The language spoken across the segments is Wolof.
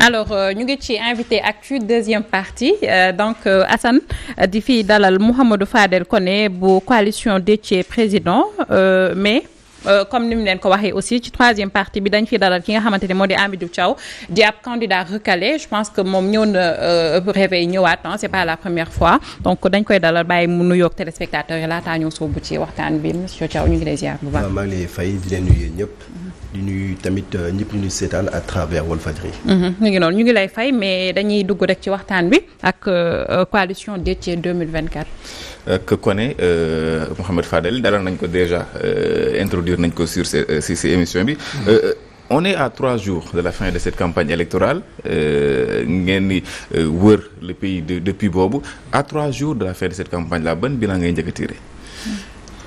alors euh, ñu ngi ci invité ak actu deuxième partie euh, donc euh, Assane di fi dalal Mouhamadou Fadel Koné bu coalition Déthié président euh, mais euh, comme ni mu leen ko waxee aussi ci troisième partie bi dañ fi dalal ki nga xamante ne moo di Hamidou Thiaw di ab candidat recalé je pense que moom ñëw na réveil ñëwaat ah c'est pas la première fois donc dañ koy dalal bàyyi mu nuyoog téléspectateurs yi laataa ñëw soobu ci waxtaan bi monsieur Thiaw ñu ngi lay ziar di leen nuyu ñëpp. Mm-hmm. di nuyu tamit euh, ñëpp ñu seetaan à travers Walfadjri. Mhm, ñu ngi noonu ñu ngi lay fay mais dañuy dugg rek ci waxtaan bi ak euh, coalition Déthié 2024. ak Koné euh, Mouhamed Fadel dalal nañ ko déjà introduire nañ ko sur si si émission bi. Mhm. on est à trois jours de la fin de cette campagne électorale ngeen ni wër le pays de depuis boobu à trois jours de la fin de campagne la ban bilan ngay njëkk a tiré.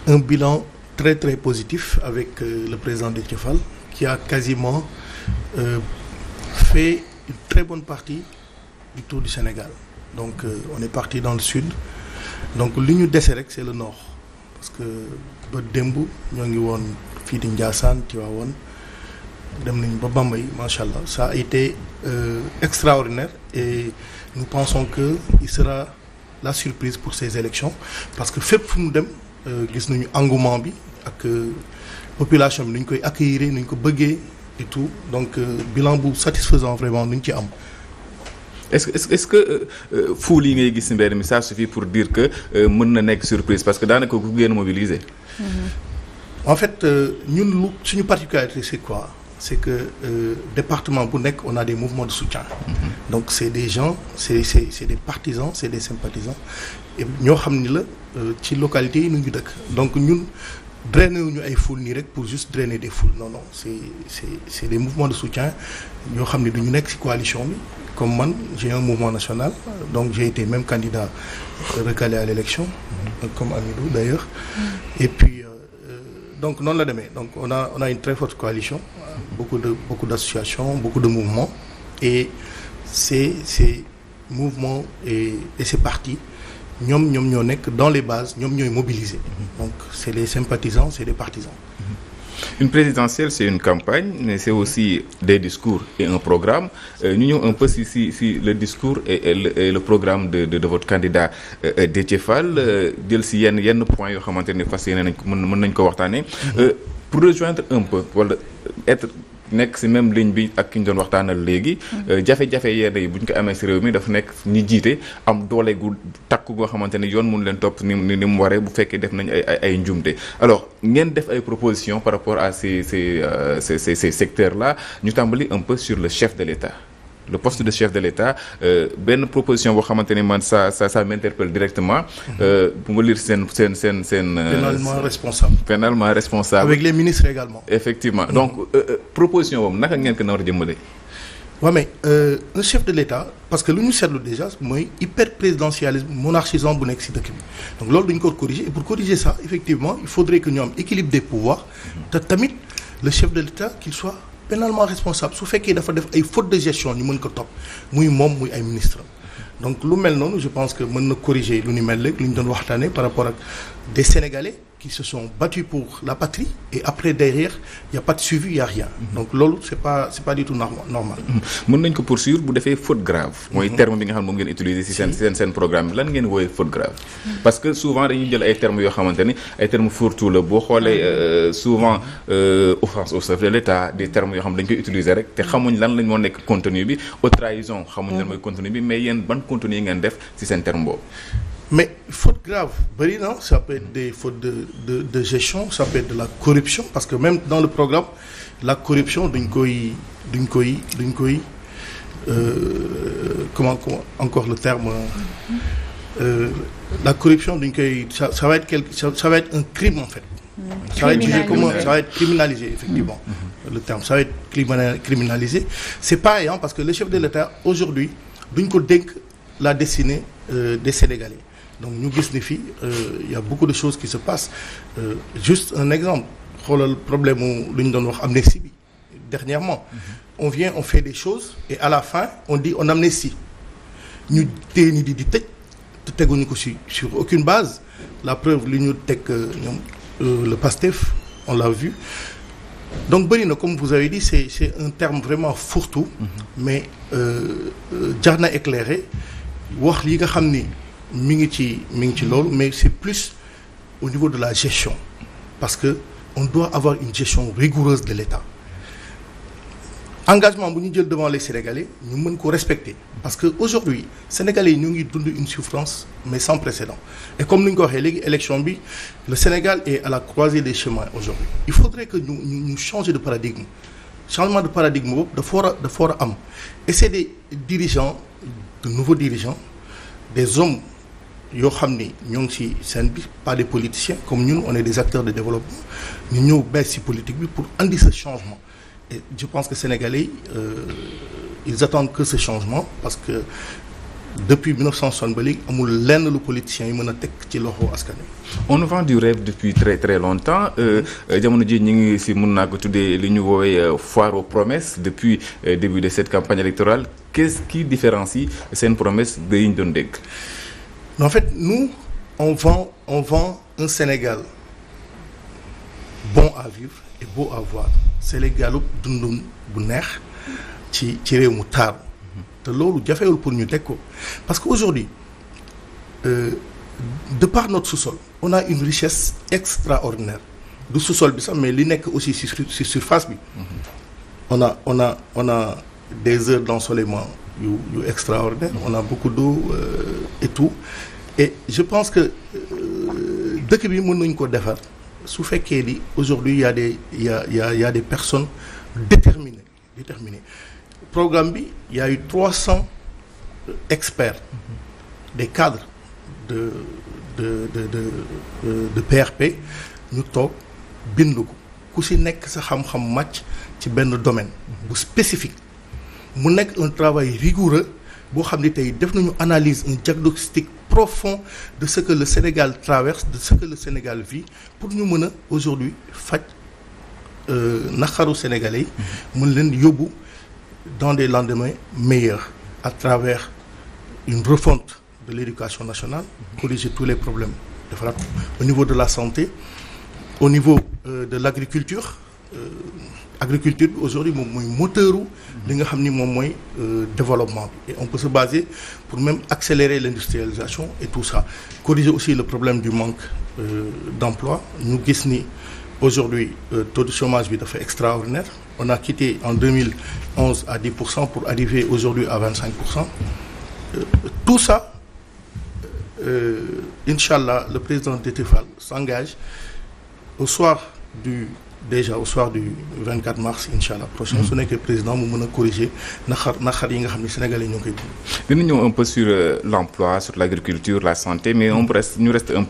un bilan. très très positif avec euh, le président Déthié Fall qui a quasiment euh, fait une très bonne partie du tour du Sénégal donc euh, on est parti dans le sud donc li ñu dese rek c'est le nord parce que ba démb ñoo ngi woon fii di Ndiassane Tivaouane dem nañu ba Bambey macha allah ça a été euh, extraordinaire et nous pensons que il sera la surprise pour ces élections parce que fépp fu mu dem euh, gis nañu engouement bi ak euh, population bi nu ñu koy accueillir nu ñu ko bëggee et tout donc euh, bilan bu satisfaisant vraiment nu ñu ci am. est-ce que est-ce que euh, foule yi ngay gis ci mbedd mi ça suffit pour dire que mën na nekk surprise parce que daanaka ku ngeen mobiliser. Mm-hmm. en fait ñun lu suñu particularité c'est quoi c'est que euh, département bu nekk on a des mouvements de soutien. Mm-hmm. donc c'est des gens c'est c'est c'est des partisans c'est des sympathisants et ñoo xam ni la ci localités yi nu ñu dëkk donc ñun. drainer wuñu ay foule nii rek pour juste drainer des foules non non c'est c'est c'est des mouvements de soutien ñoo xam ne du ñu nekk ci coalition bi comme man j'ai un mouvement national donc j'ai été même candidat recalé à l'élection mm-hmm. comme Amidou d'ailleurs et puis euh, euh, donc noonu la demee donc on a on a une très forte coalition beaucoup de beaucoup d'associations de mouvements et c'est ces mouvements et, et ces ñoom ñoom ñoo nekk dans les bases ñoom ñooy mobiliser donc c'est les sympathisants c'est les partisans une présidentielle c'est une campagne mais c'est aussi des discours et un programme euh, ñu ñëw un peu si le discours et le, et programme de, de de votre candidat euh, euh, Déthié Fall jël si yenn yenn points yoo xamante ne fas yéene nañ ko mën mën nañ ko waxtaanee pour rejoindre un peu wala être nekk si même ligne bi ak ki ñu doon waxtaanal léegi. Mm-hmm. Euh, jafe-jafe yenn yi bu ñu ko amee si réew mi dafa nekk ñi jiite am doole gu takku goo xamante ni yoon munu leen topp ni ni mu waree bu fekkee def nañu ay ay njumte alors ngeen def ay proposition par rapport à ces ces ce euh, ces secteurs la ñu tàmbali un peu sur le chef de l'État. le poste de chef de l'État euh, benn proposition boo xamante ni man ça ça ça m'interpelle directement. Euh, bu ma lire seen seen seen seen. Euh, pénalement responsable. pénalement responsable. avec les ministres également. effectivement mmh. donc proposition boobu naka ngeen ko nar a jëmbalee. waaw mais un chef de l'État parce que lu ñu seetlu déjà mooy hyper présidentialisme monarchisant bu nekk ci dëkk bi donc loolu duñu ko corriger et pour corriger ça effectivement il faudrait que ñu am équilibre des pénalement responsable su fekkee dafa def ay fautes de gestion ñu mën ko topp muy moom muy ay ministre donc lu mel noonu je pense que mën na corriger lu ni mel léegi lu ñu doon waxtaanee par rapport ak des Sénégalais qui se sont battus pour la patrie et après derrière y' a pas de suivi il y' a rien. Mhm. donc loolu c' est pas c' est pas du tout normal. Mhm. mën nañ ko poursuivre bu defee faute grave. mooy mhm. terme bi nga xam moom ngeen utiliser si seen seen seen programme bi lan ngeen wooyee faute grave. parce que souvent dañuy jël ay termes yoo xamante ni ay termes fourre-tout la boo xoolee euh, souvent euh, offense au chef de l' état des yoo xam dañ koy utiliser rek te xamuñ lan lañ moo nekk contenu bi haute trahison. xamuñ lan mooy contenu bi mais yéen ban ngeen def si seen terme mais faute grave bëri na ça peut être des fautes de de de gestion ça peut être de la corruption parce que même dans le programme la corruption duñ koy duñ koy duñ koy euh, comment encore le terme euh, la corruption duñ koy ça ça va être quelque ça, ça va être un crime en fait. Mm-hmm. ça va être jugé comme ça va criminalisé effectivement. Mm-hmm. le terme ça c'est pareil hein, parce que le chef de l'État aujourd'hui duñ ko dénk la destinée euh, des Sénégalais. donc ñu gis ni fii euh, y a beaucoup de choses qui se passent euh, juste un exemple xoolal problème mu lu ñu doon wax amnistie bi dernièrement mhm. on vient on fait des choses et à la fin on dit on amnistie ñu téye di di tëj te teguñu ko si sur aucune base la preuve li ñu teg euh, ñoom euh, le PASTEF on l'a vu donc bëri na comme vous avez dit c'est c'est un terme vraiment fourtout tout mhm. mais jar na éclairer wax li nga xam ni mi ngi ci mi ngi ci loolu mais c'est plus au niveau de la gestion parce que on doit avoir une gestion rigoureuse de l'État engagement bu ñu jël devant les Sénégalais ñu mën ko respecter parce que aujourd'hui Sénégalais yi ñu ngi dund une souffrance mais sans précédent et comme ni ñu ko waxee léegi élection bi le Sénégal est à la croisée des chemins aujourd'hui il faudrait que ñu ñu changer de paradigme changement de paradigme boobu dafa war a a am et c'est des dirigeants de nouveaux des hommes yoo xam ni ñoo ngi ci seen bi pas des politiciens comme ñun on est des acteurs de développement ñu ñëw bees ci politique bi pour indi ce changement et je pense que Sénégalais euh, ils attendent que ce changement parce que depuis 1960 ba léegi amul lenn lu politiciens yi mën a teg ci loxo askan wi. on nous vend du rêve depuis très très longtemps euh, euh, jamono ji ñu ngi si mun naa ko tuddee li ñu woowee euh, foir aux promesses depuis début de cette campagne électorale qu'est-ce qui différencie seen promesse ba yi ñu doon dégg. en fait nous on vend on vend un Sénégal bon à vivre et beau à voir Sénégalu dundum bu neex ci ci réew mu taaru te loolu jafewul pour ñu teg ko parce que aujourd'hui euh, de par notre sous-sol on a une richesse extraordinaire du sous bi sax mais li nekk aussi ci sur bi mm-hmm. on a on a on a des heures d'ensoleillement yu yu extraordinaire on a beaucoup d'eau euh, et je pense que euh, dëkk bi mën nañ ko defar su fekkee di aujourd'hui y a des y a y a y a des personnes déterminées déterminées programme bi yaay trois cents experts des cadres de de de de PRP ñu toog bind ko ku si nekk sa xam-xam màcc ci benn domaine bu spécifique mu nekk un travail rigoureux boo xam ne tey def nañu analyse un diagnostic profond de ce que le Sénégal traverse de ce que le Sénégal vit pour ñu mën a aujourd'hui faj euh, naqaru sénégalais yi mën leen yóbbu dans des lendemains meilleurs à travers une refonte de l'éducation nationale corriger tous les problèmes defaraat au niveau de la santé au niveau euh, de l'agriculture euh, agriculture bi aujourd'hui moom mooy moteuru li nga xam ni moom mooy euh, développement bi et on peut se baser pour même accélérer l'industrialisation et tout ça corriger aussi le problème du manque euh, d'emploi ñu gis ni aujourd'hui euh, taux de chômage bi dafa extraordinaire on a quitté en 2011 à 10 pour cent pour arriver aujourd'hui à 25 pour cent euh, tout ça euh, euh, inch'Allah le président Déthié Fall s'engage au soir du déjà au soir du 24 mars incha allah prochain mm-hmm. su nekkee président mu mën a corriger naxar naxar yi nga xam ne sénégalais ñoo koy dina ñëw un peu sur euh, sur la santé mais on reste ñu reste un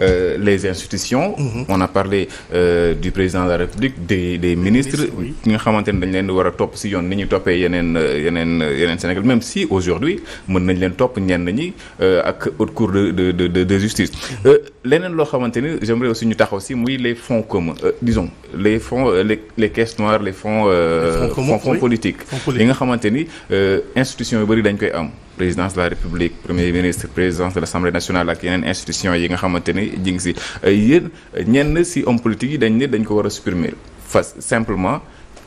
euh, les institutions mm-hmm. on a parlé euh, du président de la république des ministres ñi nga xamante ne dañ leen war a topp si yoon ni ñu toppee yeneen euh, yeneen yeneen Sénégal même si aujourd'hui mën nañ leen topp ñenn ñi ak haute cour de de de de justice mm-hmm. euh, leneen loo xamante ni j'aimerais aussi ñu taxaw si muy les fonds communs euh, disons les fonds euh, les les caisses noires les fonds. Euh, fonds fonds yi nga xamante ni euh, institutions yu bëri dañ koy am. présidence de la république premier ministre présidence de l'assemblée nationale ak yeneen institutions yi nga xamante ni ji ngi si euh, yéen ñenn si homme politique yi dañ ne dañ ko war a supprimer fas simplement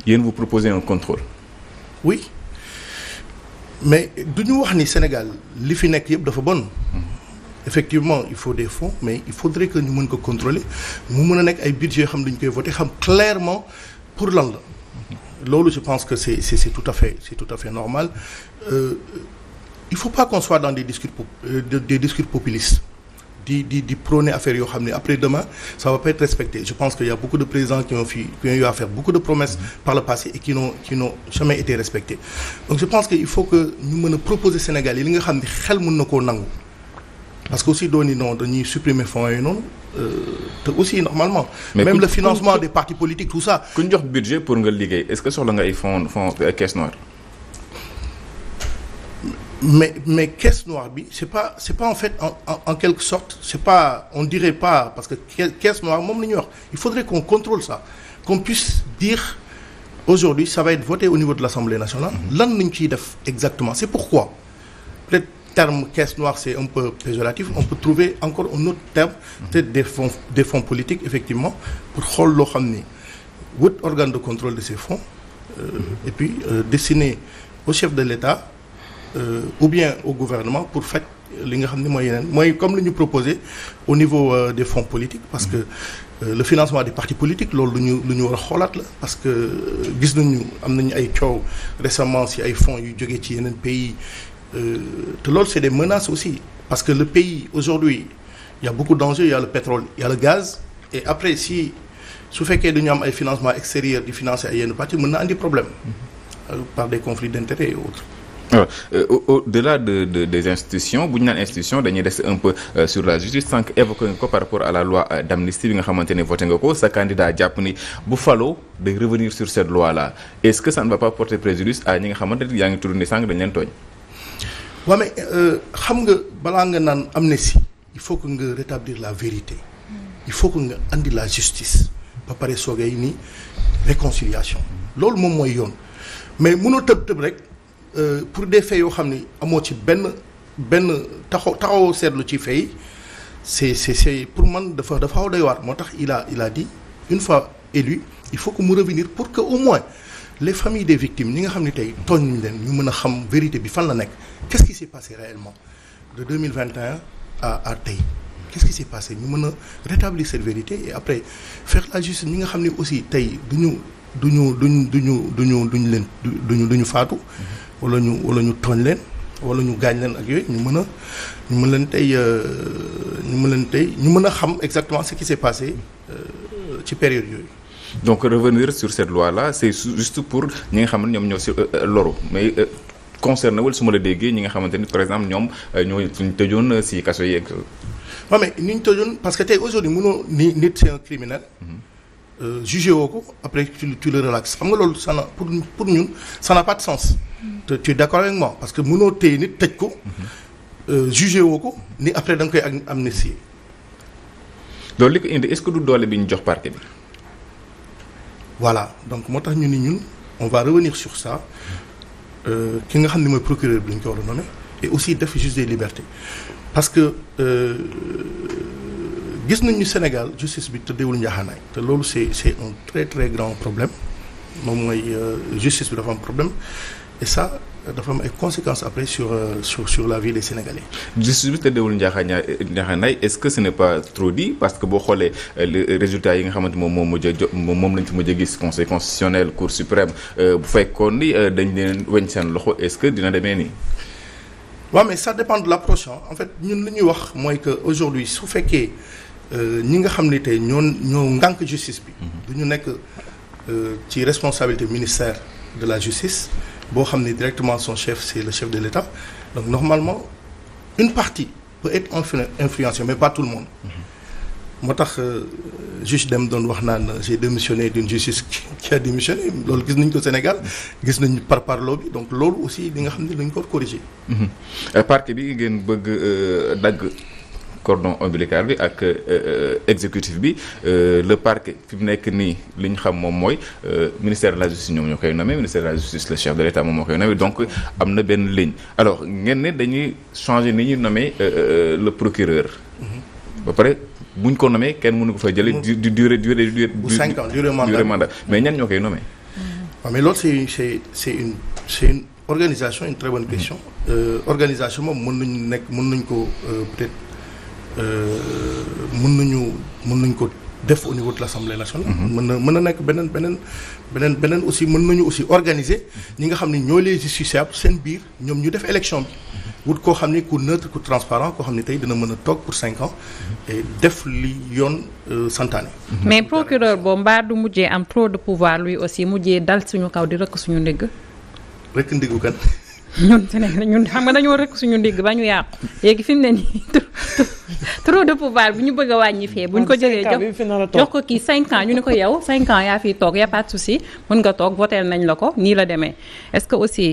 yéen vous proposez un contrôle. oui mais ñu wax ni Sénégal li fi nekk yëpp dafa bon. Mm-hmm. effectivement il faut des fonds mais il faudrait que ñu mën ko contrôler mu mën a nekk ay budget yoo xam dañu koy voté xam clairement pour lan la loolu je pense que c'est tout à fait c'est tout à fait normal euh, il faut pas qu'on soit dans des discours euh, populistes di di di prôner yoo xam ne après demain ça pas être je pense que y a beaucoup de présidents qui ont fi qui ont eu à beaucoup de promesses par le passé et qui n'ont qui n'ont jamais je pense que faut que ñu mën a proposer Sénégal yi li nga xam ne xel mën na koo nangu parce que aussi dooni non dañuy supprimer fonds yooyu noonu euh, te aussi normalement. Mais même le financement des partis politiques tout ça. ku ñu jox budget pour nga liggéey est-ce que soxla nga ay fonds fonds euh, mais mais caisse noire bi c'est pas c'est pas en fait en en, en quelque sorte c'est pas on dirait pas parce que caisse noire moom la ñuy wax il faudrait qu'on contrôle ça qu'on puisse dire aujourd'hui ça va être voté au niveau de l'Assemblée nationale. Mm-hmm. lan lañ ciy def exactement c'est pourquoi peut terme caisse noire c'est un peu péjoratif on peut trouver encore un autre terme c'est des fonds politiques effectivement pour xool loo xam ni wut organe de contrôle de ces fonds euh, et puis euh, destiné au chef de l'État euh, ou bien au gouvernement pour faj li nga xam ne mooy yeneen mooy comme lu ñu proposé au niveau euh, des fonds politiques parce que euh, le financement des partis politiques loolu lu ñu lu ñu war a xoolaat la parce que gis nañu am nañu ay coow récemment si ay fonds yu jógee ci yeneen pays Euh, te loolu c'est des menaces aussi parce que le pays aujourd'hui il y a beaucoup d'enjeux il y a le pétrole il y a le gaz et après si su fekkee dañu am ay financement extérieur di financer ay yenn parti mën na andi problème mhm. euh, par des conflits d'intérêts et autres alors euh, delà de, des institutions bu ñu naan institution dañuy des un peu euh, sur la justice sànq évoqué nga ko par rapport à la loi d'amnistie bi nga xamante ne voté nga ko sa candidat jàpp ni bu faloo de revenir waaw mais euh, xam nga balaa nga naan amnistie il faut que nga rétablir la vérité il faut que nga andi la justice ba pare soogee ni réconciliation loolu moom mooy yoon mais mënoo tëb tëb rek euh, pour des faits yoo xam ni amoo ci benn benn taxaw taxaw seetlu ci fay c'est c'est c'est pour man dafa dafa xaw doy waar moo tax il a di une fois élu il faut que mu revenir pour que au moins les familles des victimes ni nga xam ne tey tooñ ñu leen ñu mën a xam vérité bi fan la nekk ki ce qui s'est passé réellement de 2021 à à tey qu'est-ce qui s'est passé ñu mën a rétablir cette vérité et après faire la justice ñi nga xam ne aussi tey duñu duñu duñu duñu duñu duñu leen duñu ñu faatu wala ñu wala ñu tooñ leen wala ñu gaañ leen ak yooyu ñu mën a ñu mën leen tey euh, ñu mën leen tey ñu mën a xam exactement ce qui s'est passé euh, ci période yooyu donc revenir sur cette loi la c'est juste pour ñi nga xam ne ñoom ñoo si euh, euh, loru mais euh, concerné wul su la déggee ñi nga xamante ni par exemple ñoom ñoo ñu tëjoon si kaso yeeg. waaw mais ni ñu tëjoon parce que tey aujourd'hui mënoo ni nit c'est un mm-hmm. woo ko après tu tu le relaxes xam nga loolu ça n'a pour pour ñun sa n'a pas de sens. Mm-hmm. te tu es parce que munoo téye nit tëj ko. Mm-hmm. jugé woo ko ni après da nga koy amnistier. loolu li ko indi est-ce que du doole bi ñu jox parquet bi. voilà donc moo tax ñu ni ñun on va revenir sur ça euh, ki nga xam ne mooy procureur bi ñu ko war a nommer et aussi def juge des libertés parce que euh, gis nañu Sénégal justice bi tëddeewul njaaxaanaay te loolu c'est c'est un très très grand problème moom mooy euh, justice bi dafa am problème et ça dafa am ay conséquences après sur euh, sur sur la vie des Sénégalais. juste bi tëddeewul njaaxaan est-ce que ce n'est pas trop dit parce que boo xoolee euh, euh, résultat yi nga xamante moom moo mujj a jo moom lañ fi mujj a gis conseil constitutionnel cour suprême bu fekkoon ni dañ leen weñ seen loxo est-ce que dina demee nii. waaw mais ça dépend de l'approche en fait ñun li ñuy wax mooy que aujourd'hui su fekkee ñi nga xam ni tey ñoo ñoo ngànk justice bi. Mhm. du ñu nekk ci responsabilité ministère de la justice. boo xam ne directement son chef c'est le chef de l'État donc normalement une partie peut être influencée mais pas tout le monde mm-hmm. moo tax euh, juge dem doon wax naan j'ai démissionné d'une justice qui a démissionné loolu gis nañ ko Sénégal mm-hmm. gis nañ par parloo bi donc loolu aussi li nga xam ne dañ ko corriger mm-hmm. euh, parti bi ngeen bëgg euh, dagg cordon ombilical bi ak euh, euh, exécutif bi euh, le parquet fi mu nekk nii li ñu xam moom mooy ministère de la justice ñoom ñoo koy nommé ministère de la justice le chef de l'État moom moo koy nommé donc am na benn ligne alors ngeen ne dañuy changer ni ñuy nommé le procureur. Mhm. ba pare buñ ko nommé kenn mënu ko fa jëlee. du du durée durée durée. cinq ans durée mandat mais ñan ñoo koy nommé. waaw mhm. mais loolu c'est une c'est une c'est une organisation une très bonne question. Mhm. organisation moom mën nañu nekk mën nañu ko peut-être. Euh, mën nañu mën nañ ko def au niveau de l'Assemblée nationale. Mhm. mën na mën na nekk beneen beneen beneen beneen aussi mën nañu aussi organiser ñi nga xam ne ñoo les justiciables seen biir ñoom ñu def élection bi. wut koo xam ne ku neutre ku transparent koo xam ne tey dina mën a toog pour cinq ans et def li yoon euh, santaane. Mhm. mais procureur boobu mbaa du mujjee am trop de pouvoir lui aussi mujjee dal suñu kaw di rëkk suñu ndigg. rëkk ndiggu kan. ñun Sénégal ñun xam nga dañoo rek suñu ndigg ba ñu yàqu léegi fi mu ne nii trop de pouvoir bu ñu bëgg a wàññi fee. bu ñu ko jëlee jox jox ko kii 5 ans ñu ne ko yow 5 ans yaa fiy toog y a mën nga toog voté nañ la ko nii la demee est-ce que aussi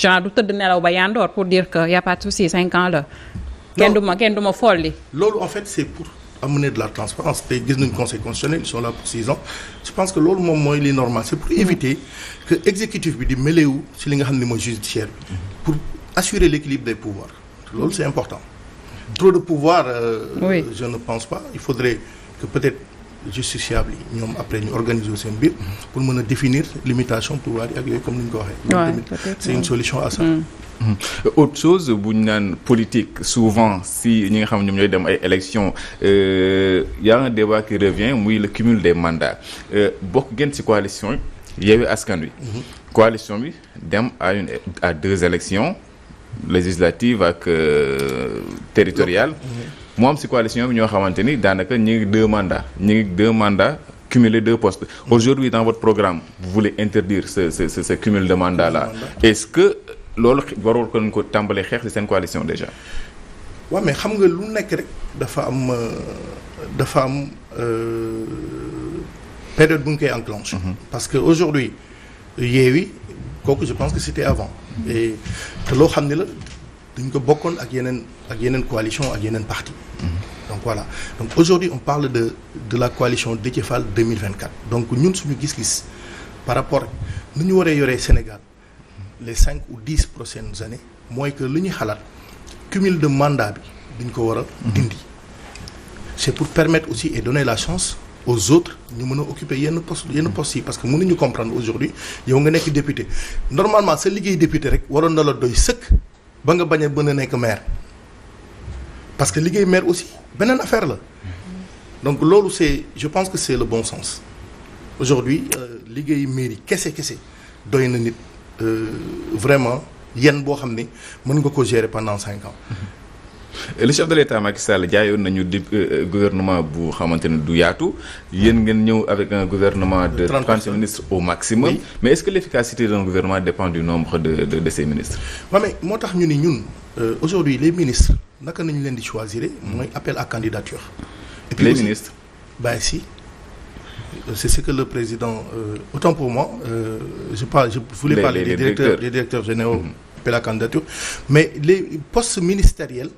genre du tëdd nelaw ba yàndoor pour dire que y a pas de la. kenn du ma kenn du ma folli. loolu en amener de la transparence tey gis nañ conseil constitutionnel ils sont là ans je pense que loolu moom mooy li normal c'est pour mm-hmm. éviter que exécutif bi di mêléwu ci li nga xam ne mooy judiciaire bi mm-hmm. pour assurer l'équilibre des pouvoirs loolu c'est important trop de pouvoir euh, oui. je ne pense pas il faudrait que peut-être justiciable yi ñoom après ñu organiser seen biir mm-hmm. pour mën a définir limitation pouvoir yi ak yooyu comme ni ñu ko waxee. tamit c'est une à Mmh. autre chose bu ñu naan politique souvent si ñi nga xam ñoom ñooy dem ay élections euh, y a un débat qui revient muy le cumul des mandats euh, bokk ngeen ci coalition Yewwi Askan Wi. Mmh. coalition bi dem à une à deux élections législatives ak euh, territoriales. Mmh. mu am ci coalition bi ñoo xamante ni daanaka ñu ngi deux mandats ñu ngi deux mandats. cumuler deux postes. Aujourd'hui, dans votre programme, vous voulez interdire ce, ce, ce, de mandats-là. Est-ce que loolu warul ko ñu ko tàmbalee xeex ci seen coalition déjà. waaw mais xam nga lu nekk rek dafa am euh, dafa am euh, période bu ñu koy enclenché. Mm-hmm. parce que aujourd'hui Yewwi kooku je pense que c'était avant. Mm-hmm. et te loo xam ne la dañ ko bokkoon ak yeneen ak yeneen coalition ak yeneen parti mm-hmm. donc voilà donc aujourd'hui on parle de de la coalition Déthié Fall 2024 donc ñun suñu gis-gis par rapport nu ñu waree yoree Sénégal. les cinq ou dix prochaines années mooy que lu ñuy xalaat cumul de mandat bi duñ ko war a dindi c'est pour permettre aussi et donner la chance aux autres ñu mën a occuper yenn poste yenn poste yi parce que mënuñu comprendre aujourd'hui yow nga nekk député normalement sa liggéey député rek waroon na la doy sëkk ba nga bañ a mën a nekk maire parce que liggéey maire aussi beneen affaire la donc loolu c'est je pense que c'est le bon sens aujourd'hui euh, liggéey mairie kese kese doy na nit Euh, vraiment yenn boo xam ne mën nga ko gérer pendant cinq ans. Euh, le chef de l'état Macky Sall jaayoon nañu di euh, gouvernement bu xamante ne du yaatu yéen ngeen ñëw avec un gouvernement de 30 ministres au maximum oui. mais est-ce que l'efficacité d'un gouvernement dépend du nombre de de de ses ministres mais moo tax ñu ni ñun aujourd'hui les ministres naka nañu leen di choisir mooy appel ak candidature et les ministres Euh, c'est ce que le président euh, autant pour moi euh, je parle je voulais les, parler les, des directeurs, directeurs des directeurs généraux mmh. de candidature mais les postes ministériels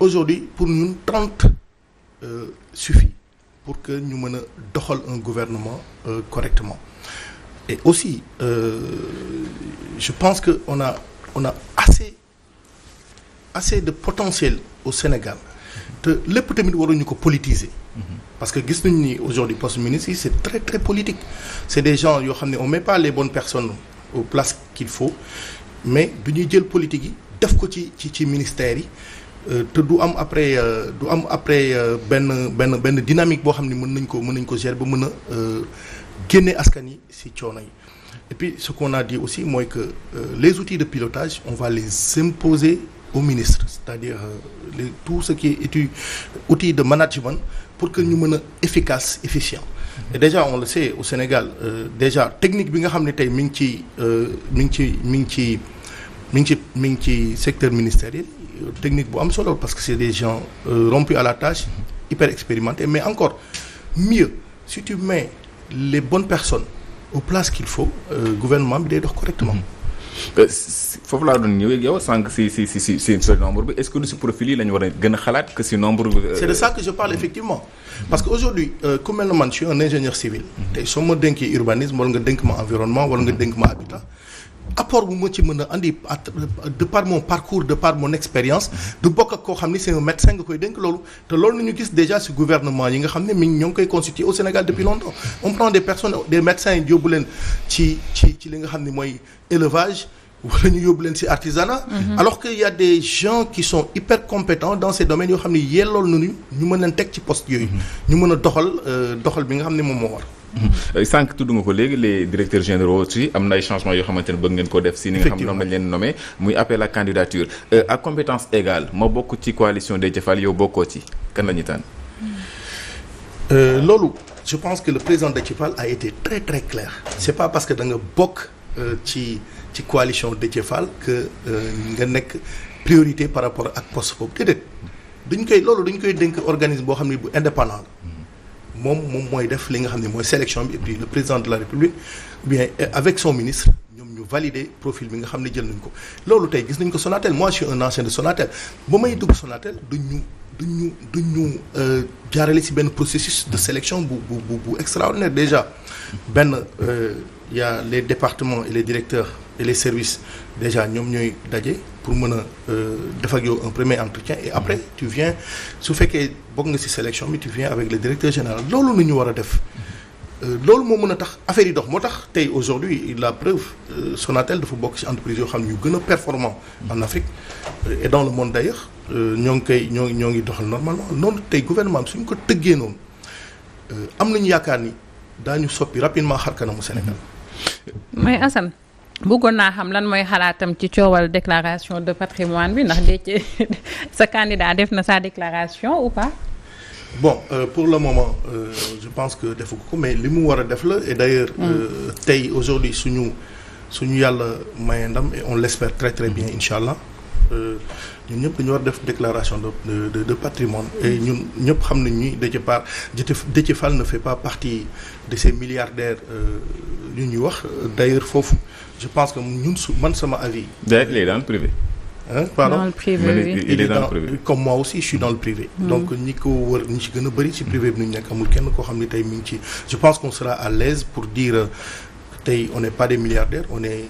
aujourd'hui pour ñun trente euh, suffit pour que ñu mën a doxal un gouvernement euh, correctement et aussi euh, je pense que on a on a assez assez de potentiel au Sénégal te lépp tamit waruñu ko politiser. parce que gis nañu ni aujourd'hui poste ministre yi c'est très très politique c'est des gens yoo xam ne on met pas les bonnes personnes aux places qu'il faut mais du ñuy jël politique yi def ko ci ci ci ministères yi euh, te du am après euh, du am après euh, benn benn benn dynamique boo xam ne mën nañ ko mën nañ ko gérer ba mën a génne askan yi si coono yi et puis ce qu'on a dit aussi mooy que les outils de pilotage on va les imposer au ministre c'est-à-dire euh, les, tout ce qui est outil outil de management pour que ñu mën a efficace efficient mhm. et déjà on le sait au Sénégal euh, déjà technique bi nga xam ne tey mi ngi ci euh, mi ngi ci mi ngi ci mi ngi ci mi ngi ci secteur ministériel euh, technique bu am solo parce que c'est des gens euh, rompus à la tâche hyper expérimentés mais encore mieux si tu mets les bonnes personnes au place qu'il faut gouvernement bi day dox correctement. Mm Euh, foofu laa doon ñëw ak yow sànq si si si si si nombre bi est-ce que du si profil yi la ñu war a gën a xalaat que si nombre bi. Euh, c'est de ça que je parle effectivement parce que aujourd'hui ku euh, mel ne man je suis un civil. Mm-hmm. tey soo ma dénkee urbanisme wala nga dénk ma environnement wala nga dénk ma habitat. apport bu ma ci mën a andi de par mon parcours de par mon expérience du bokk ak koo xam ni c'est un médecin nga koy dénk loolu te loolu nañu gis déjà ci gouvernement yi nga xam ne mi ñoo ngi koy constitué au Sénégal depuis longtemps on prend des personnes des médecins yóbbu leen ci ci li nga xam ni mooy élevage wala ñu yóbbu leen ci artisanat mhm. alors que y a des gens qui sont hyper compétents dans ces domaines yoo xam ne yellool nañu ñu mën leen teg ci poste yooyu mhm. ñu mën a doxal euh, doxal bi nga xam ne moom moo war Euh, sànq tudd nga ko léegi les directeurs généraux aussi am na ay changements yoo xamante ne bëgg ngeen ko def si ni nga xam ne noonu lañ leen nommé muy appel à candidature euh, à compétence égale ma bokk ci coalition Déthié Fall yow bokkoo ci kan la taan tànn euh, loolu je pense que le président Déthié Fall a été très très clair c'est pas parce que da nga bokk ci ci coalition Déthié Fall que nga nekk priorité par rapport ak poste foofu déedéet dañ koy loolu dañ koy dénk organisme boo xam ne bu indépendant moom moom mooy def li nga xam ne mooy sélection bi et puis le président de la république ou bien euh, avec son ministre ñoom ñu valider profil bi nga xam ne jël nañ ko loolu tey gis nañ ko Sonatel moi je un ancien de Sonatel ba may dugg Sonatel duñ duñu duñ ñu duñ ñu euh, jaarale ci benn processus de sélection bu bu bu bu extraordinaire déjà benn euh, y a les départements les directeurs et les services déjà ñoom ñooy daje pour mën a euh, def ak yow un premier entretien et après tu viens su fekkee bokk nga ci sélection bi tu viens avec le directeur général loolu nu ñu war a def euh, loolu moo mën a tax affaire yi dox moo tax tey aujourd'hui la preuve euh, Sonatel dafa bokk ci entreprise yoo xam ne yu gën a performant en Afrique et dans le monde d'ailleurs ñoo ngi koy ñoo ngi ñoo ngi doxal normalement noonu tey gouvernement bi suñ ko tëggee noonu am nañu yaakaar ni daañu soppi rapidement xar kanamu Sénégal. bëggoon naa xam lan mooy xalaatam ci coowal déclaration de patrimoine bi ndax dee sa candidat def na sa déclaration ou pas. bon euh, pour le moment euh, je pense que defu ko mais li mu war a def la et d'ailleurs mm. euh, tey aujourd'hui suñu suñu yàlla maye ndam et on l'espère très très bien incha allah. Euh, ñun ñëpp dañu war def déclaration de de de patrimoine et mm-hmm. ñun ñëpp xam nañ ñuy Déthié Fall Déthié Fall ne fait pas partie de ces milliardaires euh, yu ñuy wax d'ailleurs foofu je pense que ñun su man sama avis. d'ailleurs il est dans le privé. Hein, pardon dans comme moi aussi je suis dans le privé. Mm-hmm. donc ñi ko wër ñi ci gën a bëri ci mm-hmm. privé bi ñu nekk amul kenn koo xam ne tey mi ngi ci je pense qu'on sera à l'aise pour dire euh, tey on n'est pas des milliardaires on est.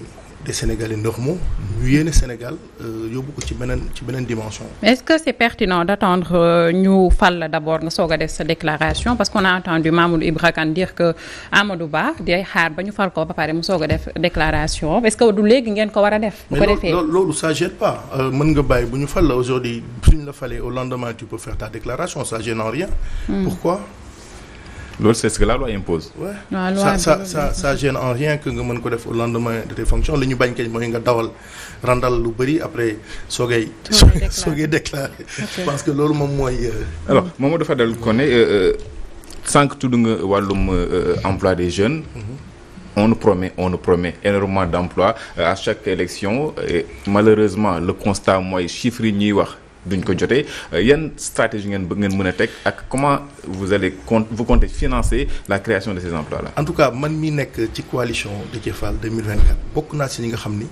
des Sénégalais normaux ñu yéene Sénégal euh, yóbbu ko ci beneen ci beneen dimension. mais est-ce que c'est pertinent d'attendre euh, ñu fal d'abord nga soog a def sa déclaration parce qu'on a entendu Mamoudou Ibra Kane dire que Amadou Ba day xaar ba ñu fal ko ba pare mu soog def déclaration est-ce que du léegi ngeen ko war a def. bu ko defee loolu ça pas euh, mën nga bàyyi bu ñu fal la aujourd'hui suñu la falee au lendemain tu peux faire ta déclaration ça gêne rien. Hmm. loolu c'est ce que la loi impose. waaw ouais. ça ça en rien que nga mën ko def au lendemain de tes fonctions ñu bañ kañ mooy nga dawal randal lu bëri après soogay. soogay déclaré je parce que loolu moom mooy. moom euh, dafa alors Mamadou Fadel Koné euh, euh, sànq tudd nga wàllum emploi des jeunes. Mhm. on nous promet on nous promet énormément d'emplois à chaque élection malheureusement le constat mooy chiffres ñuy wax. duñ ko jotee euh, yan stratégie ngeen bëgg ngeen mën a teg ak comment vous allez compte vous comptez financer la création de ces emplois là. en tout cas man mi nekk ci coalition Déthié Fall bokk naa si ñi nga xam ni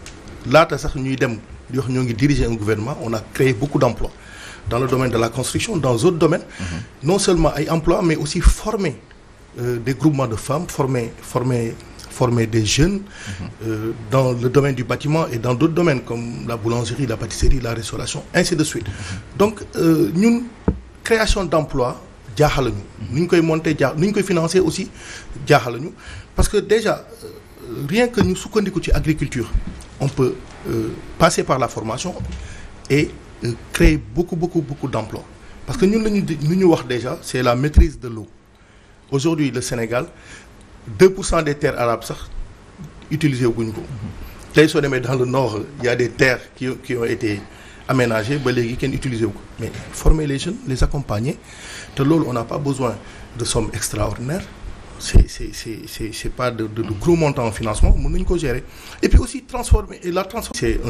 laata sax ñuy dem di wax ñoo ngi diriger un gouvernement on a créé beaucoup d'emplois dans le domaine de la construction dans d'autres domaines. Mm-hmm. non seulement ay emplois mais aussi former euh, des groupements de femmes former former. former des jeunes mhm. euh, dans le domaine du bâtiment et dans d'autres domaines comme la boulangerie, la pâtisserie, la restauration, ainsi de suite. Mhm. Donc euh, ñun euh, création d'emplois jaaxalañu nu ñu mhm. koy monter jaax nu ñu koy financer aussi jaaxalañu parce que déjà euh, rien que ñu sukkandiku ci agriculture on peut euh, passer par la formation et créer beaucoup beaucoup beaucoup d'emplois parce que ñun la ñu lu ñu wax déjà c'est la maîtrise de l'eau aujourd'hui le Sénégal deux pour cent des terres arabes sax utilisé guñ ko tey soo demee dans le nord y a des terres qui qui ont été aménagées ba léegi kenn utilisé wu ko mais former les jeunes les accompagner te loolu on n'a pas besoin de sommes extraordinaires c'est c'est c'est c'est financement mën nañu ko gérer et puis aussi transformer la transformer. Euh,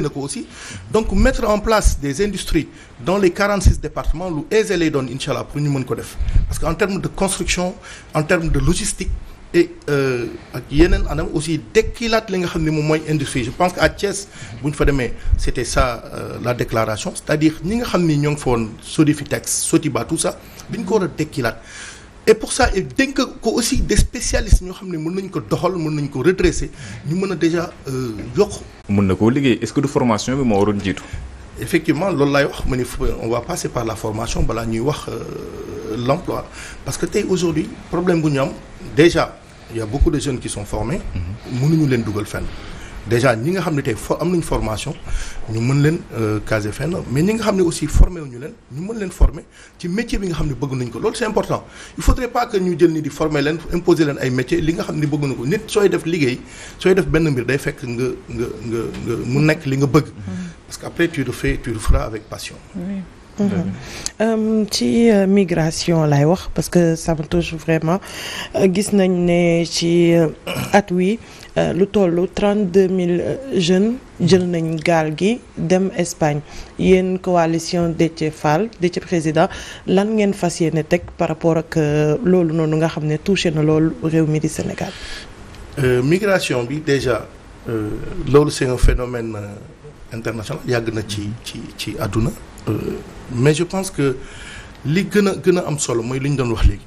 na ko aussi donc mettre en place des industries dans les 46 départements lu aisé lay doon incha ñu mën ko def parce que en termes de construction de logistique. et euh, ak yeneen anam aussi dekkilaat li nga xam ne moom mooy industrie je pense que à Thiès bu ñu fa demee c' était ça euh, la déclaration c' est dire ñi nga xam ni ñoo ngi foon Sodifitex Sotiba tout ça dañ ko war a dekkilaat et pour ça et ko aussi de spécialistes ñoo xam ne mën nañ ko doxal mën nañ ko redresser ñu mën a déjà euh, yokk. mën na koo liggéey est-ce que du formation bi moo waroon jiitu. effectivement loolu laay wax ma ni on va passer par la formation balaa ñuy wax euh, l'emploi parce que tey aujourd'hui problème bu ñu déjà il y a beaucoup de jeunes qui sont formés. mënuñu leen dugal fenn. déjà ñi nga xam ne tey fo am nañ formation ñu mën leen euh, caser fenn mais ñi nga xam ne aussi formé wuñu leen ñu mën leen former ci métier bi nga xam ne bëgg nañ ko loolu c'est important il faudrait pas que ñu jël ni di former leen imposer leen ay métier li nga xam ne bëgg na ko nit sooy def liggéey sooy def benn mbir day fekk nga nga nga nga mu nekk li nga bëgg mm-hmm. parce que après tu le fais tu Mhm. Euh, ci euh, migration lay wax parce que ça me vraiment euh, gis nañ ne ci at wi lu tollu trente deux mille jeunes jël nañ gaal gi dem Espagne yéen coalition Déthié de Déthié président lan ngeen fas yéene teg par rapport ak loolu noonu nga xam ne touché na loolu réew mi di migration bi déjà loolu c'est phénomène international yàgg na ci ci ci Euh, mais je pense que li gën a gën a am solo mooy li ñu doon wax léegi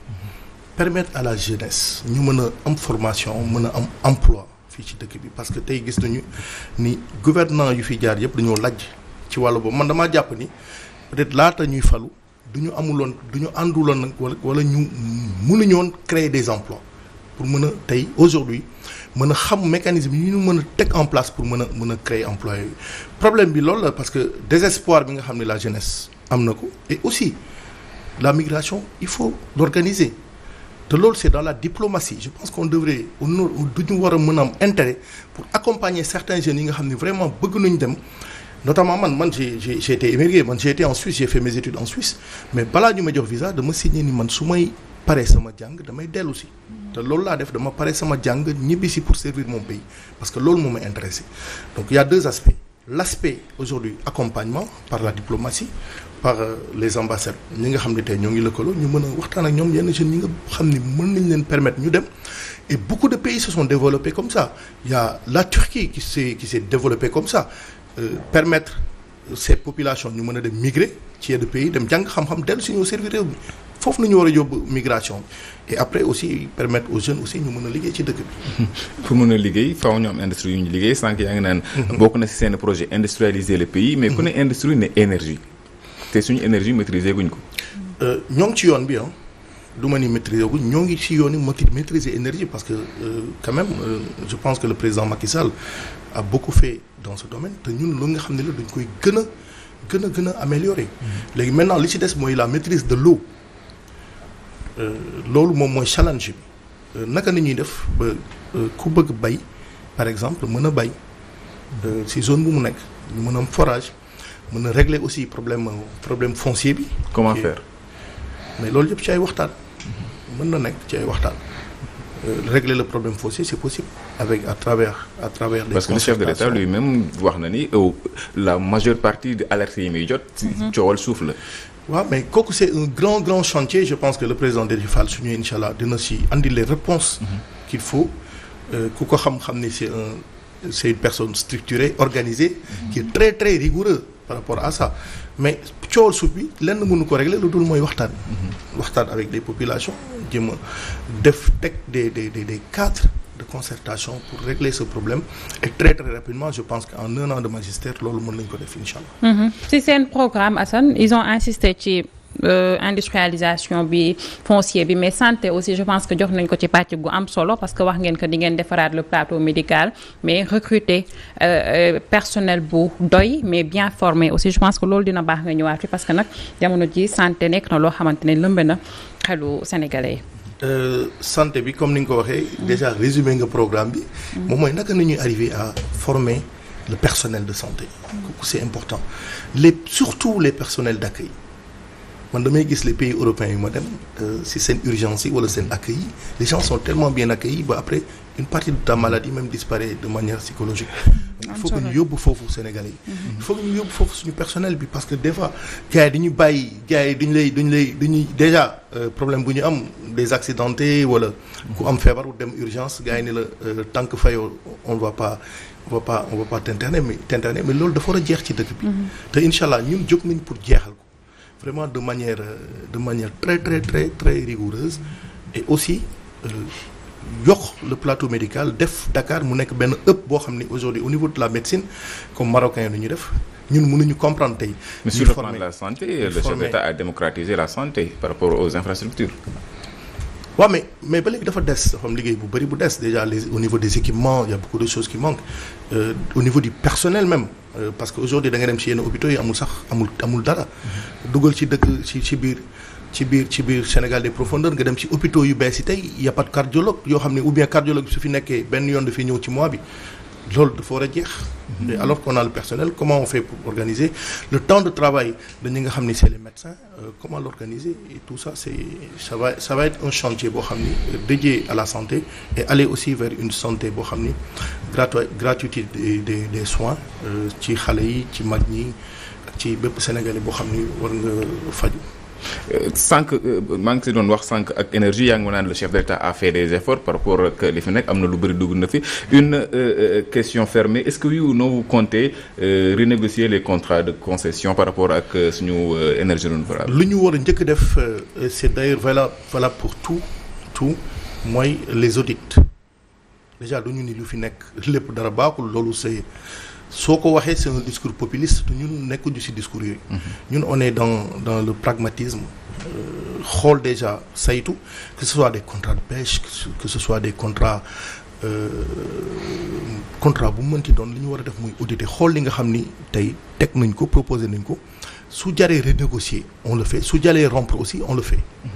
permettre à la jeunesse ñu mën a am formation mën a am emploi fii ci dëkk bi parce que tey gis nañu ni gouvernement yu fi jaar yëpp dañoo lajj ci wàllu boobu man dama jàpp ni peut-être laata ñuy falu du ñu amuloon du ñu ànduloon nag wala wala ñu mënuñoon créer des emplois pour mën a tey aujourd'hui mën a xam mécanisme yi nu mën a teg en place pour mën a mën a créer emploi yooyu problème bi lool la parce que désespoir bi nga xam ne la jeunesse am na ko et aussi la migration il faut l'organiser te loolu c'est dans la diplomatie je pense qu'on devrait duñu war a mën a am intérêt pour accompagner certains jeunes yi nga xam ni vraiment bëgg nañ dem notamment man man j'ai j'ai été émigré man j'ai été en Suisse j'ai fait mes études en Suisse mais balaa ñu ma jox visa dama signé ni man su may paree sama jàng damay dellu si te loolu laa def dama pare sama jàng ñibbi si pour servir mon pays parce que loolu moo ma intéressé donc il y a deux aspects l'aspect aujourd'hui accompagnement par la diplomatie par euh, les ambassades ñi nga xam ne tey ñoo ngi lëkkaloo ñu mën a ñoom yenn jeunes ñi xam ni mën nañ leen permettre ñu dem et beaucoup de pays se sont comme ça il y a la Turquie qui s'est qui s'est développée comme ça euh, permettre euh, ces populations ñu mën a dem migrer ci yenn pays dem jàng xam-xam dellu si ñëw servir réew mi foofu la ñu war a yóbbu migration bi et après aussi permettre aux jeunes aussi ñu mën a liggéey ci dëkk bi. pour mën a liggéey faaw ñu am industrie yu ñu liggéey sànq yaa ngi naan. Mhm. bokk na si seen projet industrialiser le pays. mais ku ne mhm. industrie ne énergie te suñu énergie maîtriser guñ ko. Euh, ñoo ngi ci yoon bi ah. du ma ni maîtriser wu ñoo ngi ci yoon yi maîtriser énergie parce que euh, euh, je pense que le président Macky Sall a beaucoup fait dans ce domaine te ñun lu nga xam ne la koy gën a gën a gën a améliorer. Mhm. léegi maintenant li ci des mooy la maîtrise de l'eau Euh, loolu moom mooy challenge bi euh, naka nañuy def ba euh, ku bëgg bay par exemple mën a bay ci zone bu mu nekk ñu mën a am forage mën a régler aussi problème problème foncier bi. comment faire mais loolu yëpp ci ay waxtaan. mën na nekk ci ay waxtaan. régler le problème foncier c'est possible avec à travers à travers. parce que le chef de l'État lui-même wax na ni la majeure partie de alerte yi muy jot. ci mhm. coowal suuf la. waaw mais kooku c'est un grand grand chantier je pense que le président Déthié Fall su ñëwee incha allah dina si andi les réponses mhm. qu'il faut euh, ku ko xam-xam ni c'est un c'est une personne structurée organisée mhm. qui est très très rigoureux par rapport à ça mais cool suuf bi lenn mënu ko régler lu dul mooy waxtaan mhm. waxtaan avec des populations jéem a def teg de des des cadres de concertation pour régler ce problème et très très rapidement je pense qu'en un an de magistère loolu mën nañ ko def incha allah. Mm-hmm. si seen programme Assane ils ont insisté ci euh, industrialisation bi foncier bi mais santé aussi je pense que jox nañ ko ci pàcc bu am solo parce que wax ngeen ko di ngeen defaraat le plateau médical mais recruter euh, euh, personnel bu doy mais bien formé aussi je pense que loolu dina baax nga ñëwaat fi parce que nag jamono ji santé nekk na loo xamante ne lëmbe na xelu sénégalais yi. Euh, santé bi comme ni nga ko waxee. déjà résumé nga programme bi. moom mooy naka nañuy arriver à former le personnel de santé. kooku c'est important les surtout les personnels yi man damay gis les pays européens yu ma dem euh, si seen urgence yi wala seen accueil yi les gens sont tellement bien accueillis ba après une partie de ta maladie même disparaît de manière psychologique. il faut ñu yóbbu foofu Sénégalais yi. Mhm. il faut yóbbu foofu suñu personnel bi parce que des fois gars yi dañu bàyyi gars yi dañu lay dañu déjà euh, problème bu ñu am des accidentés wala ku am feebar dem urgence gars yi ni la euh, tant que on va pas on va pas on va pas t'interner mais t'interner mais loolu dafa ci dëkk bi. Mhm. te incha allah nañ pour jeexal ko. vraiment de manière euh, de manière très très très très rigoureuse et aussi euh, yokk le plateau médical def Dakar mu nekk benn ëpp boo xam ne aujourd'hui au niveau de la médecine comme marocain lu ñu def ñun mënuñu comprendre tey. mais sur le plan de la santé le chef d'État a démocratisé la santé par rapport aux infrastructures. waaw mais mais ba léegi dafa des dafa am liggéey bu bëri bu des déjà les au niveau des équipements il y a beaucoup de choses qui manquent euh, au niveau du personnel même euh, parce que aujourd'hui da nga dem ci yenn hôpitaux yi amul sax amul amul dara dugal ci dëkk ci ci biir ci biir ci biir Sénégal des profondeurs nga dem ci hôpitaux yu bees yi tey y a pas de cardiologue yoo xam ne ou bien cardiologue su fi nekkee benn yoon dafay ñëw ci mois bi loolu dafa war a jeex. mais mhm. alors qu'on a le personnel comment on fait pour organiser le temps de travail de nga xam ni c'est le médecins euh, comment l'organiser et tout ça c'est ça va un chantier boo xam ni euh, dédié à la santé et aller aussi vers une santé boo xam ni gratuit gratuité des des, des soins euh, ci xale yi ci mag ñi ci bépp Sénégalais boo xam ni war nga faju sànq maa ngi si doon wax sànq ak énergie yaa ngi ma naan le chef d'État a fait des efforts par rapport ak li fi nekk am na lu bëri dugg na fi une euh, euh, question fermée est-ce que oui ou non vous comptez euh, renégocier les contrats de concession par rapport ak suñu énergie renouvelable. lu ñu war a njëkk def c'est d'ailleurs valable valable pour tout tout mooy les audits déjà du ñu ni lu fi nekk lépp dara baaxul loolu c'est soo ko waxee c'est un discours populiste te ñun du ci discours yooyu. Mhm. ñun on est dans dans le pragmatisme. Euh, xool euh, déjà saytu que ce soit des contrats de pêche que ce soit des contrats euh, contrat bu mu mënti doon li ñu war a def muy auditer xool li nga xam ni tey teg nañ ko proposer nañ ko su jaree renégocier on le fait su jaree rompre aussi on le fait. Mhm.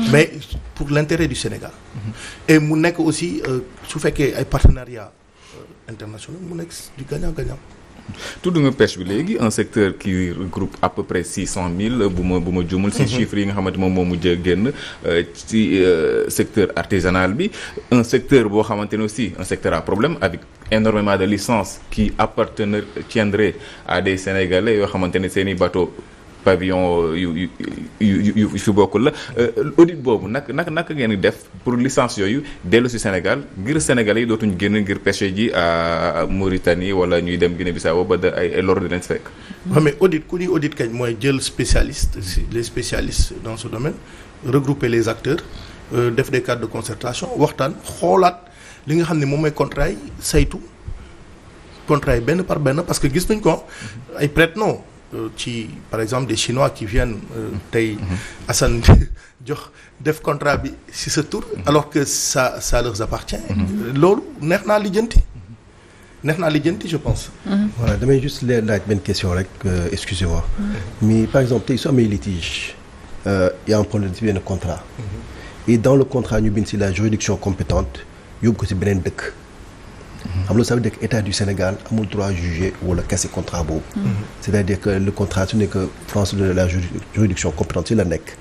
Mhm. mais pour l'intérêt du Sénégal. Mmh. et mu nekk aussi euh, su fekkee ay partenariats. internationaux mu nekk du gagnant-gagnant. tudd nga pêche bi léegi un secteur qui regroupe à peu près six cent mille bu ma bu ma jumul si mhm. chiffres yi nga xamante moom moo mujjee génn euh, ci euh, secteur artisanal bi un secteur boo xamante ne aussi un secteur à problème avec énormément de licences qui appartiendraient à des sénégalais yoo xamante ne seen i bateau pavillon euh, yu yu yu fi bokkul la euh, audit boobu nag nak naka ngeen def pour licence yooyu dellu si Sénégal ngir Sénégalais yi dootuñ génn ngir pêche ji à Mauritanie wala ñuy dem Guinée Bissau ba da ay lor dinañ fekk. waaw mais audit ku ñuy audit kañ mooy jël spécialiste les spécialistes dans ce domaine regrouper les acteurs euh, def des cadres de concertation waxtaan xoolaat li nga xam ne moom mooy contrat yi saytu contrat benn par benn parce que gis nañ ko ay prête non. Euh, ci par exemple des chinois qui viennent euh, mm-hmm. tey mm-hmm. Assane jox def contrat bi si sa tour mm-hmm. alors que sa ça leur appartient euh, loolu neex naa lijjanti neex naa lijjanti je pense voilà damay juste laaj benn question rek excusez-moi mais par exemple tey su amee litige y a problème ci benn contrat et dans le contrat ñu bind si la juridiction compétente yóbbu ko ci beneen dëkk xam loolu ça veut dire que état du Sénégal amul droit juger wala casser contrat boobu. Mm-hmm. c'est-à-dire que le contrat su nekk France de la juridiction compétente la nekk.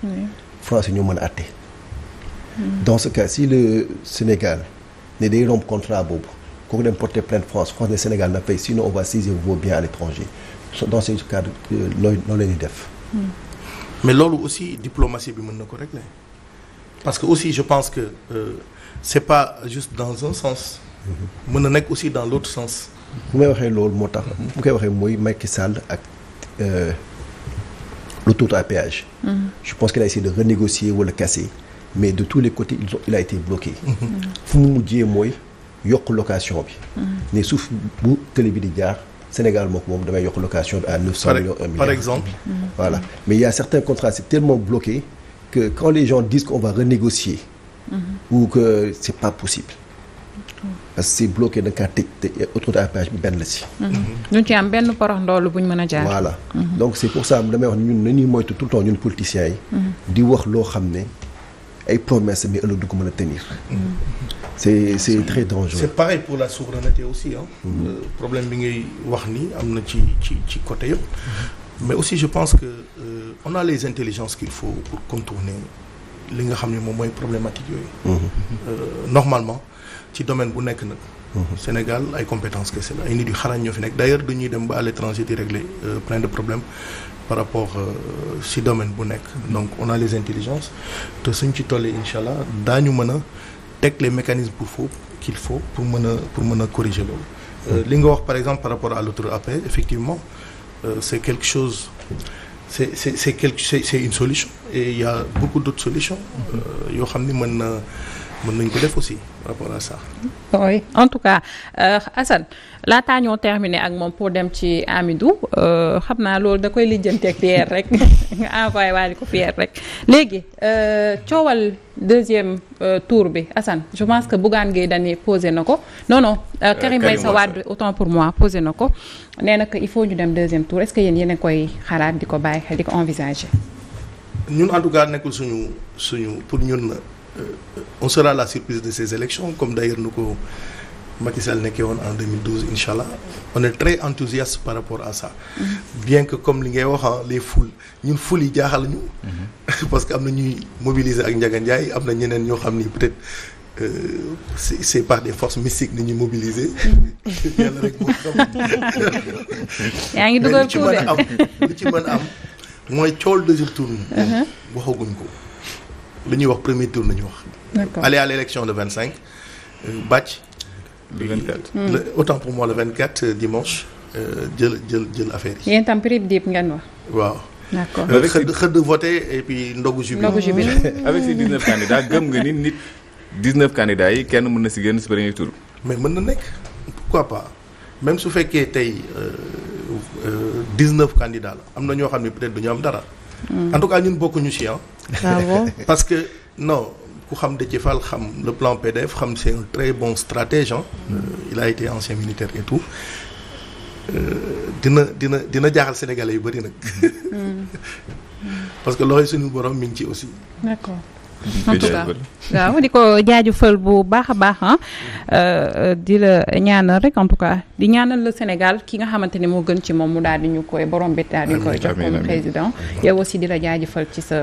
France yi ñoo mën a àtte. Mm-hmm. dans ce cas si le Sénégal ne day romb contrat boobu kooku dem porter plainte France France ne Sénégal na fay sinon on va saisir vos biens à l'étranger dans ce cadre euh, looy loo leen di mm. mais loolu aussi diplomatie bi mën na ko régler parce que je pense que euh, c'est pas juste mën na nekk aussi dans l' autre sens. bu may waxee loolu moo tax. bu koy waxee mooy Macky Sall ak euh, le taux mm-hmm. je pense qu'il a essayé de renégocier wala casser mais de tous les côtés il a été bloqué. Mm-hmm. fu mu mujjee mooy yokk location bi. Mm-hmm. ne suuf bu télé bi di jaar. Sénégal moo ko moom damay yokk location bi à 900 millions 1 milliard par mais il y a certains contrats c'est tellement bloqué que quand les gens disent qu'on va renégocier. ou que c'est pas parce que si bloqué da nga tëj te euh, autoroute à péage bi benn la si. Mmh. duñ ci am benn porox ndoolu buñ mën a jaar. voilà mmh. donc c' pour ça damay wax ñun nañuy moytu tout le temps ñun politiciens yi. Mmh. di wax loo xam ne ay promesses mais ëllëg du ko a tenir. c' est euh, problème bi ngay wax ni am na ci ci ci côté yëpp. mais aussi je pense que euh, on a les intelligences qu'il faut pour contourner li nga xam ne moom mooy problématique yooyu. Euh, normalement. ci domaine bu nekk nag. Sénégal ay compétences kese la ay nit yu xarañ ñoo fi nekk d'ailleurs dañuy dem ba à l'étranger di régler euh, plein de problèmes par rapport si euh, domaine bu nekk donc on a les intelligences te suñ ci tollee incha allah daañu mën a teg les mécanismes pour foofu qu'il faut pour mën a pour mën a corriger loolu. Euh, li nga wax par exemple par rapport à l'autre appel effectivement c'est quelque chose. c'est c'est c'est quelque c'est c'est une solution et il y beaucoup d'autres solutions yoo xam ni mën na. mën nañ ko def aussi rapport à ça. oui en tout cas euh, Assane laataa ñoo terminer ak moom pour dem ci Amidou euh, xam naa loolu da koy lijjanteeg Pierre rek nga envoyé waale ko Pierre rek léegi euh, coowal deuxième euh, tour bi Assane je pense que Bougane Gueye Dany posé na ko noonoo non. sa Meïssa Wade autant pour moi posé na ko nee na que il faut ñu dem deuxième tour est-ce que yéen yéen koy xalaat di ko bàyyi xel di ko envisager. ñun en tout cas nekkul suñu suñu pour ñun. Euh, on sera la surprise de ces élections comme d'ailleurs nu ko Macky Sall nekkee woon en 2012 incha allah on est très enthousiaste par rapport à ça mm-hmm. bien que comme li ngay wax les foules ñun foules yi jaaxal ñu mm-hmm. parce que am na ñuy mobiliser ak Ndiaga Ndiaye am na ñeneen ñoo xam ni peut-être Euh, c'est par des forces mystiques ni ñuy mobiliser mm-hmm. yàlla rek moo xam. yaa ngi dugal ci mën lu ci mën am mooy cool de jour waxaguñ ko. li ñuy wax premier tour nañu wax. d'accord aller à l'élection le cinq euh, bàcc. le 24 le autant pour moi euh, dimanche euh, jël jël jël affaire yi. yéen tam diib ngeen wax. waaw. xëdd xëdd voté et puis ndogu jubilé. ndogu jubilé avec ces 19 candidats gëm nga ni nit 19 candidats yi kenn mën na si génn si premier tour. mais mën na nekk pourquoi pas même su fekkee tey 19 candidats la am na ñoo xam ne peut-être du ñu am dara. Hmm. en tout cas ñun bokkuñu si ah. ah parce que non ku xam ci Fall xam le plan PDF xam c'est un très bon stratège hein. Euh, a été ancien militaire et tout euh, dina dina dina jaaxal sénégalais yu bëri nag. Mm. parce que loxoy suñu borom mi ngi ci aussi. en waaw di ko jaajëfal bu baax a baax ah. euh, euh, di la ñaanal rek en tout cas di ñaanal la Sénégal ki nga xamante ne moo gën ci moom mu daal di ñu koy borom bi daal di koy jox comme président yow aussi di la jaajëfal ci sa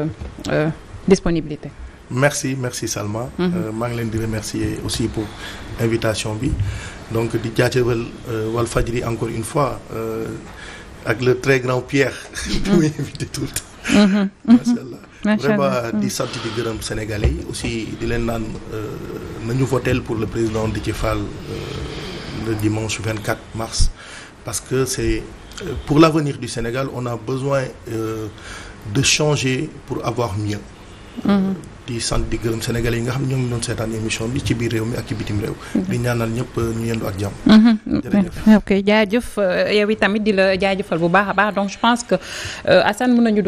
euh, disponibilité merci merci Salma mhm. maa ngi leen di remercier aussi pour invitation bi donc di jaajëfal Walfadjri encore une fois ak le très grand Pierre bu muy mhm. invité tout vraiment hmm. di sant di gërëm sénégalais yi aussi di leen naan euh, nañu votel pour le président Déthié Fall euh, le dimanche 24 mars parce que c'est euh, pour l'avenir du Sénégal on a besoin de changer pour avoir mieux hmm. di sant di gërëm sénégalais yi nga xam ñoom ñoo ngi doon seetaan émission ci biir réew mi ak ci bitim réew. Hmm. di ñaanal ñëpp ñu yendu ak jàmm. jërëjëf ok jaajëf yow itamit di la jaajëfal bu baax a baax donc je pense que Assane mën nañu.